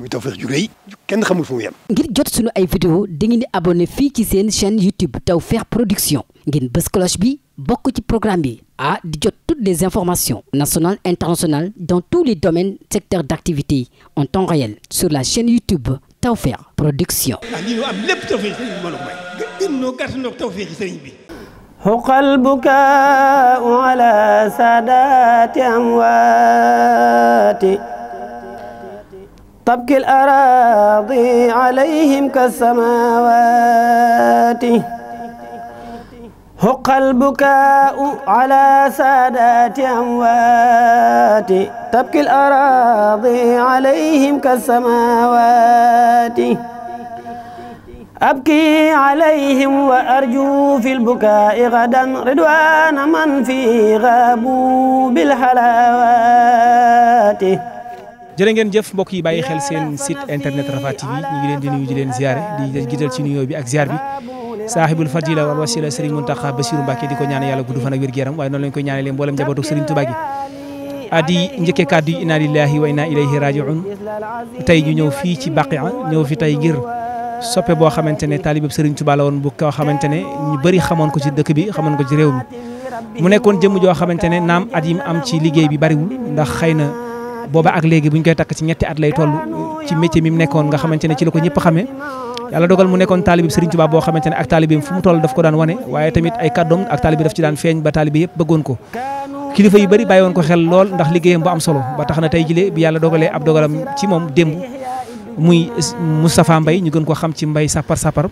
muy Tawfekh ju rëy kenn xamul fu mu yem. ngir jot sunu ay vidéo dangeen di abonné fii ci seen chaîne YouTube Tawfekh Production ngeen bës bi bokk ci programme bi ah di jot toutes les informations nationales internationales dans tous les domaines secteurs d'activité en temps réel sur la chaîne YouTube Tawfekh Production. ah lii am lépp Tawfekh sëriñ bi may. gën noo bukaa ala saadaati amwaati. تبكي الأراضي عليهم كالسماوات هق البكاء على سادات أموات تبكي الأراضي عليهم كالسماوات أبكي عليهم وأرجو في البكاء غدا رضوان من في غابوا بالحلاوات jërë ngeen jëf mbokk yi bàyyi xel seen site internet Rafah TV ñu ngi leen di nuyu di leen ziare di gisal ci nuyoo bi ak ziar bi saaxibul fadila wal wasila Serigne Mountakha Bassirou Mbacké di ko ñaane yàlla gudd fan ak wér gu yaram waaye noonu lañ koy ñaane leen mboolem njabootu Serigne Touba gi adi njëkkee kàddu yi inna lillahi wa inna ilayhi tey ñu ñëw fii ci Baqia ñëw fi tey ngir soppe boo xamante ne taalibab Serigne Touba la woon bu koo xamante ne ñu bëri xamoon ko ci dëkk bi xamoon ko ci réew mi mu nekkoon jëmm joo xamante ne naam at yim am ci liggéey bi bariwul ndax xëy na booba ak léegi bu ñu koy takk ci ñetti at lay toll ci métier mi mu nekkoon nga xamante ne ci la ko ñëpp xamee yàlla dogal mu nekkoon taalibi Serigne Touba boo xamante ne ak taalibi fu mu toll daf ko daan wane waaye tamit ay kàddoom ak taalibi daf ci daan feeñ ba taalibi yëpp bëggoon ko kilifa yi bëri bàyyi woon ko xel lool ndax liggéeyam bu am solo ba tax na tey jile bi yàlla dogalee ab dogalam ci moom démb muy Moustapha mbay ñu gën ko xam ci Mbaye Sapar Sapar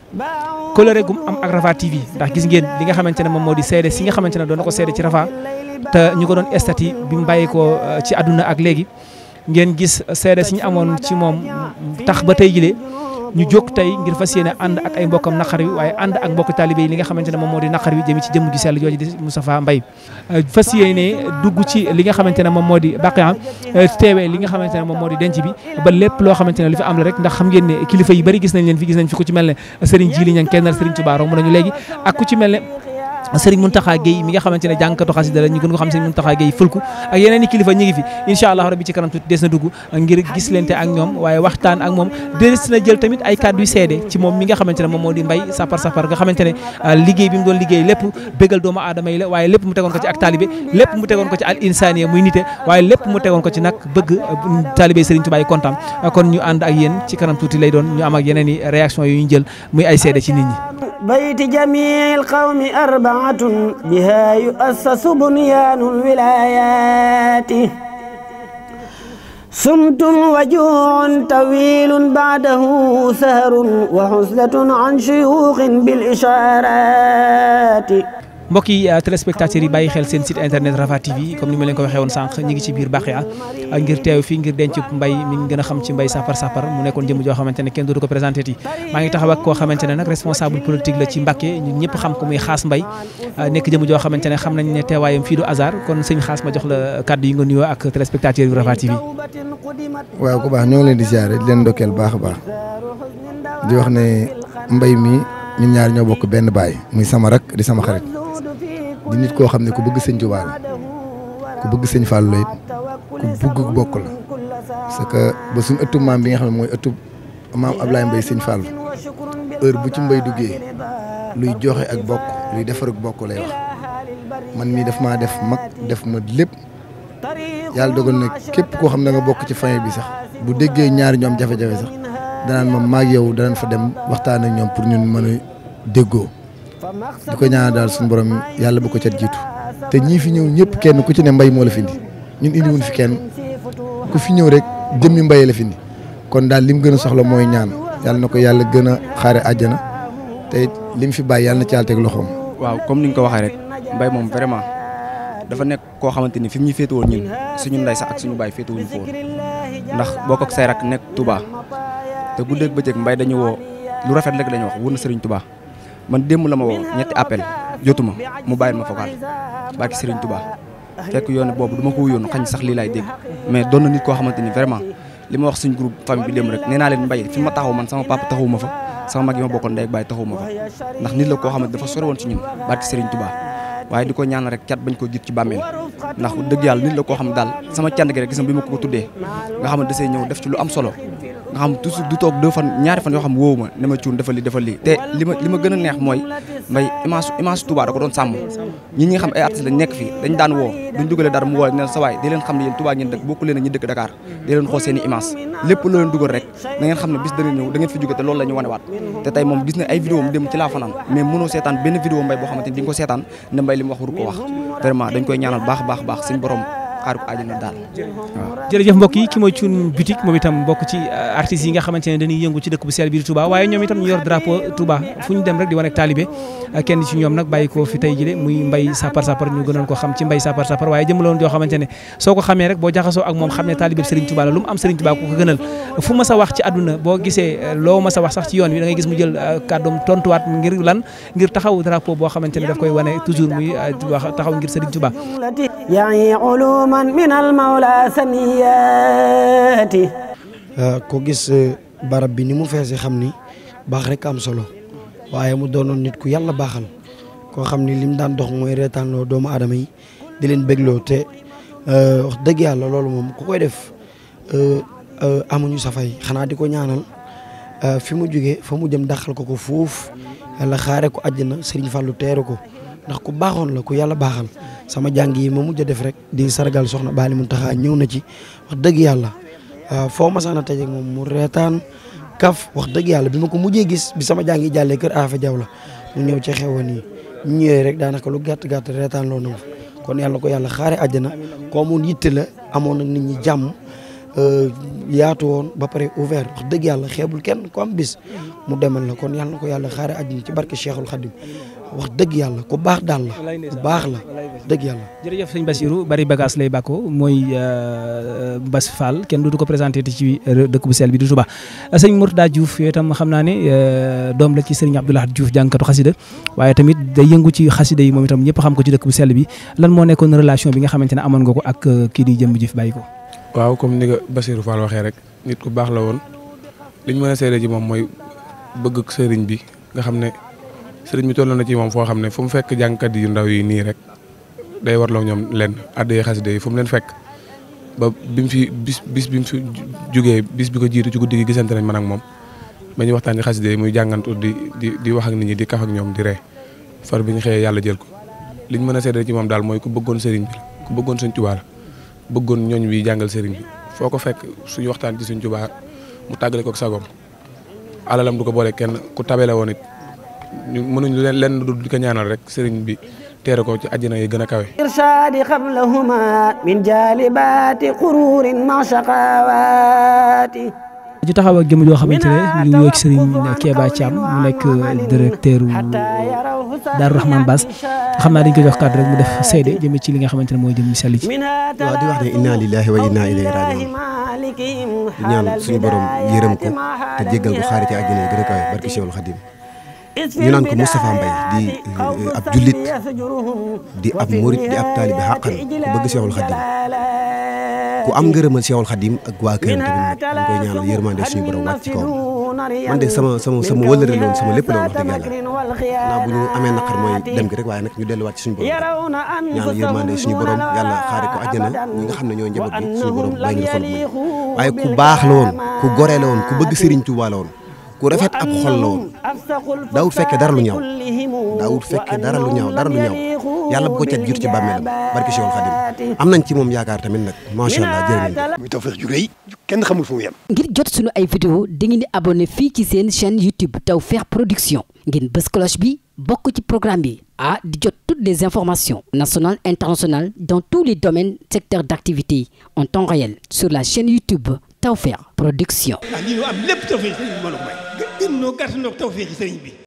coloré gum am ak Rafa TV ndax gis ngeen li nga xamante ne moom moo di seede si nga xamante ne doon ko seede ci Rafa te ñu ko doon estati bi mu bàyyi ko euh, ci àdduna ak léegi ngeen gis seede si ñu amoon ci moom tax ba tey jilee ñu jóg tey ngir fas yéene ànd ak ay mbokkam naqar wi waaye ànd ak mbokk taalibe yi li nga xamante ne moom moo di naqar wi jëmi ci jëmm gi sell jooju di Moustapha Mbaye euh, dugg ci li nga xamante ne moom moo di baqiyam euh, teewee li nga xamante ne moom moo di denc bi ba lépp loo xamante ne lu fi am la rek ndax xam ngeen ne kilifa yi bari gis nañ leen fi gis nañ fi ku ci mel ne Serigne Djili Niang kennal Serigne Touba romb nañu léegi ak ku ci mel ne Serigne Mountakha Gueye mi nga xamante ne jàngkatu xasida la ñu gën ko xam Serigne Mountakha Gueye fëlku ak yeneen i kilifa ñu ngi fi incha allah rabbi ci kanam tuuti des na jël tamit ay kàddu yu seede moom mi nga xamante ne moom moo di mbay sapar sapar nga xamante ne ah, liggéey bi mu doon liggéey lépp bégal doomu aadama yi la waaye lépp mu tegoon ko ci ak taalibé lépp mu tegoon ko ci al insaniya muy nite waaye lépp mu tegoon ko ci nag bëgg ah, taalibé Serigne Touba yi kontaan ah, kon ñu ànd ak yéen ci kanam tuuti lay doon ñu am ak yeneen i réaction yi ñu jël muy ay seede ci nit ñi بيت جميع القوم أربعة بها يؤسس بنيان الولايات سمت وجوع طويل بعده سهر وحزلة عن شيوخ بالإشارات mbokk yi euh, téléspectateurs yi bàyyi xel seen site internet Rafah TV comme ni ma leen ko waxee woon sànq ñu ngi ci biir Bakhia euh, ngir teew fii ngir denc mbay mi ngi a xam ci mbay sapar sapar mu nekkoon jëm joo xamante ne kenn dootu ko présenté ti maa ngi taxaw ak koo xamante ne nag responsable politique la xam euh, xamante ne xam nañ ne teewaayam fii du hasard kon sëñ xaas ma jox la kàddu yi nga nuyoo ak téléspectateurs yu Rafah TV waaw ku baax ñoo ngi leen di ziare di leen ndokkeel baax a baax di wax ne mbay mi ñu ñaar ñoo bokk benn baay muy sama rek di sama xarit di nit koo xam ne ku bëgg sëñ Tuubaa la ku bëgg sëñ Fàllu la it ku bokk la parce que ba suñu ëttu maam bi nga xam ne mooy ëttu maam Ablaye Mbaye sëñ Fàllu heure bu ci mbay duggee luy joxe ak bokk luy defar bokk lay wax man mii daf maa def mag def ma lépp yàlla dogal na képp koo xam ne nga bokk ci famille bi sax bu déggee ñaari ñoom jafe-jafe sax danaan ma maag yow danañ fa dem waxtaan ak ñoom pour ñun mën a déggoo di ko ñaana daal suñu borom yàlla bu ko cat jiitu te ñii fi ñëw ñëpp kenn ku ci ne mbay moo fi indi ñun indi wuñ fi kenn ku fi ñëw rek jëmmi mbay la fi kon daal li mu gën a soxla mooy ñaan yàlla na ko yàlla gën a xaare àjjana te li mu fi bàyyi yàlla ci yàlla loxoom. waaw comme ni nga ko waxee rek mbay moom vraiment dafa nekk koo xamante ni fi mu ñu féetewoon ñun suñu nday sax ak suñu baay féetewuñu fa woon ndax boo ko say rak nekk tubaa te guddeeg bëccëg mbay dañu woo lu rafet rek lañu wax wër na Serigne Touba man démb la ma woo ñetti appel jotuma mu bàyyi ma fokaal barki Serigne Touba fekk yoon boobu du ma ko wuyoon xañ sax lii laay dégg mais doon na nit koo xamante ni vraiment li ma wax suñ groupe famille bi démb rek nee naa leen mbay fi ma taxaw man sama papa taxawuma fa sama mag ma bokkoon ndey ak baay taxawuma fa ndax nit la koo xamante dafa sore woon ci ñun barki Serigne Touba waaye di ko ñaan rek cat bañ ko ci bàmmeel ndax dëgg yàlla nit la koo xam daal sama cant gi rek bi ma ko tuddee nga xam ne ñëw def ci lu am solo nga xam toujours du toog deux fan ñaari fan yoo xam woowu ma ne ma cuun defal li defal a neex mooy mbay image image Touba da doon sàmm ñi ñi xam ay artistes lañ nekk fii dañ daan woo duñ dugalee dara mu woo neen sa waay xam ne yéen Touba ngeen dëkk bokku leen ak ñi dëkk i image lépp loo leen dugal rek da ngeen xam ne bis dana ñëw da ngeen fi jóge te loolu wanewaat te tey moom gis na ay vidéo mu dem ci laa fanaan mais mënoo seetaan benn vidéo mbay boo xamante ni ko seetaan ne mbay suñ borom xaar ko àjjana daal waaw jërëjëf mbokk yi ki mooy Thioune Boutique moom itam mbokk ci euh, artistes yi nga xamante ne dañuy yëngu ci dëkk bu sell bi di Touba waaye ñoom itam ñu yor drapeau Touba fu ñu dem rek di wane ak euh, kenn ci ñoom nag bàyyi ko fi tey jile muy mbay sapar sapar ñu gënoon ko xam mbay sapar sapar waaye jëmaloon joo xamante ne rek boo jaxasoo ak moom xam ne taalibe Serigne Touba la lu mu am Serigne Touba ku ko gënal fu ma wax ci àdduna boo gisee euh, loo ma sa wax sax ci yoon wi da gis mu jël kàddoom tontuwaat ngir lan ngir taxaw drapeau boo xamante ne daf koy wane toujours muy wax taxaw ngir Serigne Touba yawman min al mawla saniyaati ah, ko gis eh, barab bi ni mu feesi xam ni baax rek am solo waaye mu doonoon nit ku yàlla baaxal koo xam ni lim daan dox mooy reetaanloo doomu aadama yi di leen bégloo te eh, wax dëgg yàlla loolu moom ko koy def eh, amuñu safay xanaa di ko ñaanal fi mu jugee fa mu jëm daxal ko ko foofu yàlla xaare ko àjjana Serigne Fallou teeru ko ndax ku baaxoon la ku yàlla baaxal sama jàng yi ma mujj a def rek di sargal soxna Baali taxaa ñëw na ci wax dëgg yàlla foo ma saana tëjee moom mu reetaan kaf wax dëgg yàlla bi ma ko mujjee gis bi sama jàng jàllee kër Afa la mu ñëw ci xewoon yi ñëwee rek daanaka lu gàtt gàtt reetaan na ma kon yàlla ko yàlla xaare àjjana ko amoon yitte la amoon nag nit ñi jàmm euh, yaatu woon ba pare ouvert dëgg yàlla xeebul kenn ku am bis mu demal la kon yàlla na ko yàlla xaare àjjana ci barke Cheikhul Khadim wax dëgg yàlla ku baax daal la ku baax la dëgg yàlla. jërëjëf sëñ Bassirou bari bagaas lay bàkkoo mooy euh, Bass Fall kenn du ko présenté ci dëkk bu sel bi di Touba sëñ Mourtada Diouf yooyu tam xam naa ne euh, doom la ci sëriñ Abdoulaye Diouf jànkatu xasida waaye tamit day yëngu ci xasida yi moom itam ñëpp xam ko ci dëkk bu sel bi lan moo nekkoon relation bi nga xamante ne amoon nga ko ak euh, kii di jëm jëf bàyyi ko. waaw comme ni nga Bassirou Fall waxee rek nit ku baax la woon li ñu mën a seede moom mooy bëgg sëriñ bi nga xam ne sëriñ bi toll na ci moom foo xam ne foo mu fekk jàngkat yu ndaw yi nii rek day warloo ñoom leen addee xasida yi fu mu leen fekk ba bi mu fi bis bis bi mu fi jugee bis bi ko jiitu ci guddi gi gisante nañ man ak moom ba ñuy waxtaan xasida yi muy jàngantu di di di wax ak nit ñi di kaf ak ñoom di ree bi ñu xëyee yàlla jël ko liñ mën a seedal ci moom daal mooy ku bëggoon sëriñ bi ku bëggoon sëñ Tuubaa la bëggoon ñooñ bi jàngal sëriñ bi foo ko fekk suñu waxtaan ci sëñ Tuubaa mu tàggale ko ak sagoom alalam du ko boole kenn ku tabele woon it ñu mënuñ leen lenn du di ko ñaanal rek sëriñ bi teere ko ci àjjana yi gën a kawe irsaadi qablahuma min jaalibaati quruurin ma shaqawaati ji taxaw ak jëm joo xamante ne ñu ngi wéy ci sëriñ Kéba Thiam mu nekk uh, directeur Daaru Rahman Bass xam naa dañ ko jox kàddu mu def seede jëmee ci li nga xamante ne mooy jëm sell ci waaw di wax ne inna lillahi wa inna ilayhi rajiun di ñaan suñu borom yërëm ko te jéggal ko xaari ci àjjana yi gën a kawe barki Cheikhul ñu naan ko Moustapha Mbaye di eh, eh, ab jullit di ab murit di ab taalibe xàqan ku bëgg Seexul Xadim ku am ngërëmal Seexul Xadim ak waa këram tamit dañ koy ñaanal yërmande suñu borom wàcc ci kawam man de sama sama sama wëllëre loon sama lépp loon wax dëgg yàlla bu ñu amee naqar mooy dem rek waaye nag ñu delluwaat ci suñu borom ñaanal yërmande suñu borom yàlla xaare ko àjjana ñi nga xam ne ñoo njaboot bi suñu borom bàyyi ñu xol waaye ku baax la woon ku gore la woon ku bëgg Serigne Touba la woon ku rafet ab xol la woon daawut fekke dara lu ñaaw daawut fekke dara lu ñaaw dara lu ñaaw yàlla bu ko jur ci bàmmeelam barke Cheikhul Khadim am nañ ci moom yaakaar tamit nag macha allah jërëjëf. muy Tawfekh jugee yi kenn xamul fu mu yem. ngir jot sunu ay vidéo dangeen di abonné fii ci seen chaîne YouTube Tawfekh Production ngeen bës cloche bi bokk ci programme bi ah di jot toutes des informations national internationales dans tous les domaines secteurs d'activité en temps réel sur la chaîne YouTube. Tawfekh Production. ndax ah, lii am lépp tawfeex ci sëriñ bi mën a may. gën noo gàtt noo tawfeex ci sëriñ bi.